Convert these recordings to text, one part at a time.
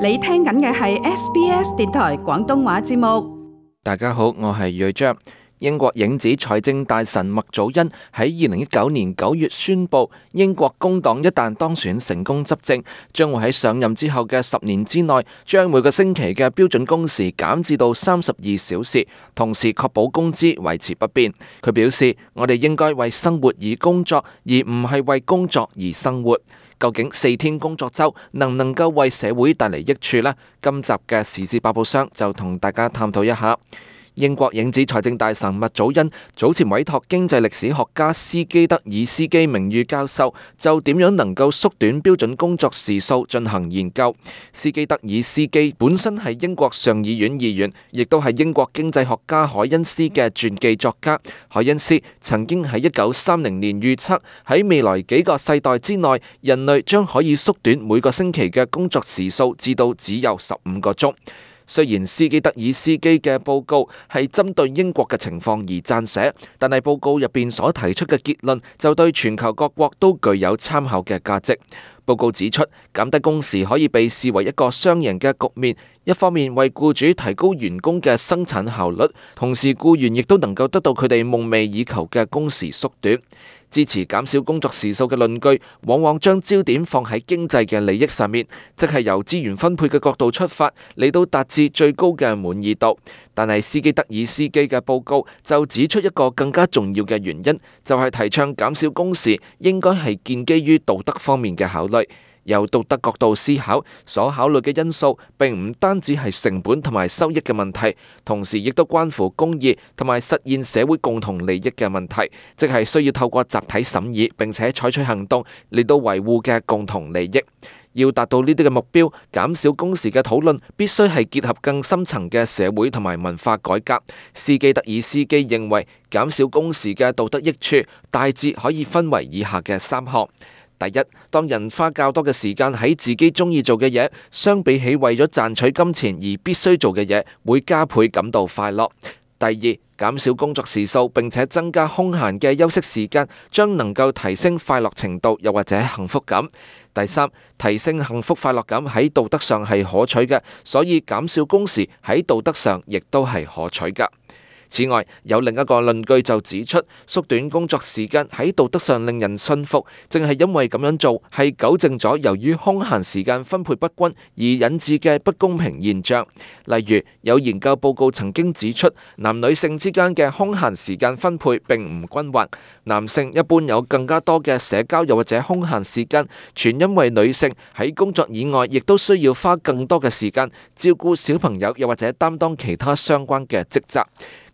你聽緊嘅係 SBS 電台廣東話節目。大家好，我係睿章。英國影子財政大臣麥祖恩喺二零一九年九月宣布，英國工黨一旦當選成功執政，將會喺上任之後嘅十年之內，將每個星期嘅標準工時減至到三十二小時，同時確保工資維持不變。佢表示：我哋應該為生活而工作，而唔係為工作而生活。究竟四天工作周能唔能夠為社會帶嚟益處呢？今集嘅時事百寶箱就同大家探討一下。英國影子財政大臣麥祖恩早前委託經濟歷史學家斯基德爾斯基名譽教授，就點樣能夠縮短標準工作時數進行研究。斯基德爾斯基本身係英國上議院議員，亦都係英國經濟學家凱恩斯嘅傳記作家。凱恩斯曾經喺一九三零年預測，喺未來幾個世代之內，人類將可以縮短每個星期嘅工作時數，至到只有十五個鐘。雖然斯基德爾斯基嘅報告係針對英國嘅情況而撰寫，但係報告入邊所提出嘅結論就對全球各國都具有參考嘅價值。報告指出，減低工時可以被視為一個雙贏嘅局面，一方面為僱主提高員工嘅生產效率，同時僱員亦都能夠得到佢哋夢寐以求嘅工時縮短。支持減少工作時數嘅論據，往往將焦點放喺經濟嘅利益上面，即係由資源分配嘅角度出發嚟到達至最高嘅滿意度。但係斯基德爾斯基嘅報告就指出一個更加重要嘅原因，就係提倡減少工時應該係建基於道德方面嘅考慮。由道德角度思考，所考慮嘅因素並唔單止係成本同埋收益嘅問題，同時亦都關乎公義同埋實現社會共同利益嘅問題，即係需要透過集體審議並且採取行動嚟到維護嘅共同利益。要達到呢啲嘅目標，減少工時嘅討論，必須係結合更深層嘅社會同埋文化改革。斯基德爾斯基認為，減少工時嘅道德益處大致可以分為以下嘅三項。第一，當人花較多嘅時間喺自己中意做嘅嘢，相比起為咗賺取金錢而必須做嘅嘢，會加倍感到快樂。第二，減少工作時數並且增加空閒嘅休息時間，將能夠提升快樂程度，又或者幸福感。第三，提升幸福快樂感喺道德上係可取嘅，所以減少工時喺道德上亦都係可取㗎。此外，有另一個論據就指出，縮短工作時間喺道德上令人信服，正係因為咁樣做係糾正咗由於空閒時間分配不均而引致嘅不公平現象。例如，有研究報告曾經指出，男女性之間嘅空閒時間分配並唔均勻，男性一般有更加多嘅社交又或者空閒時間，全因為女性喺工作以外亦都需要花更多嘅時間照顧小朋友又或者擔當其他相關嘅職責。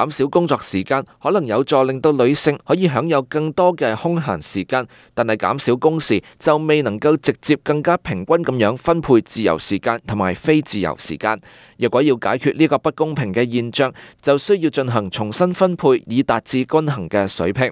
減少工作時間可能有助令到女性可以享有更多嘅空閒時間，但係減少工時就未能夠直接更加平均咁樣分配自由時間同埋非自由時間。若果要解決呢個不公平嘅現象，就需要進行重新分配以達至均衡嘅水平。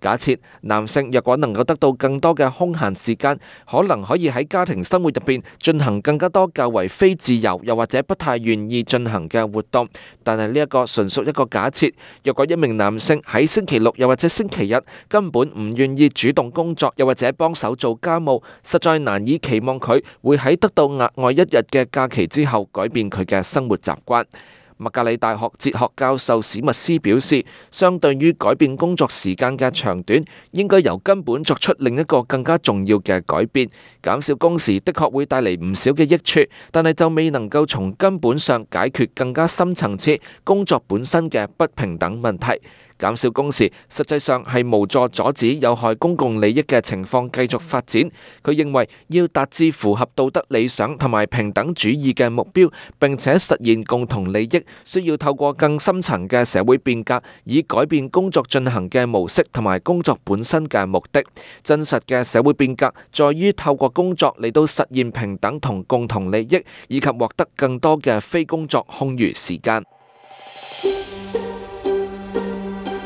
假設男性若果能夠得到更多嘅空閒時間，可能可以喺家庭生活入邊進行更加多較為非自由又或者不太願意進行嘅活動。但係呢一個純屬一個假設，若果一名男性喺星期六又或者星期日根本唔願意主動工作，又或者幫手做家務，實在難以期望佢會喺得到額外一日嘅假期之後改變佢嘅生活習慣。麥格里大學哲學教授史密斯表示，相對於改變工作時間嘅長短，應該由根本作出另一個更加重要嘅改變。減少工時的確會帶嚟唔少嘅益處，但係就未能夠從根本上解決更加深層次工作本身嘅不平等問題。減少工時，實際上係無助阻止有害公共利益嘅情況繼續發展。佢認為，要達至符合道德理想同埋平等主義嘅目標，並且實現共同利益，需要透過更深層嘅社會變革，以改變工作進行嘅模式同埋工作本身嘅目的。真實嘅社會變革，在於透過工作嚟到實現平等同共同利益，以及獲得更多嘅非工作空餘時間。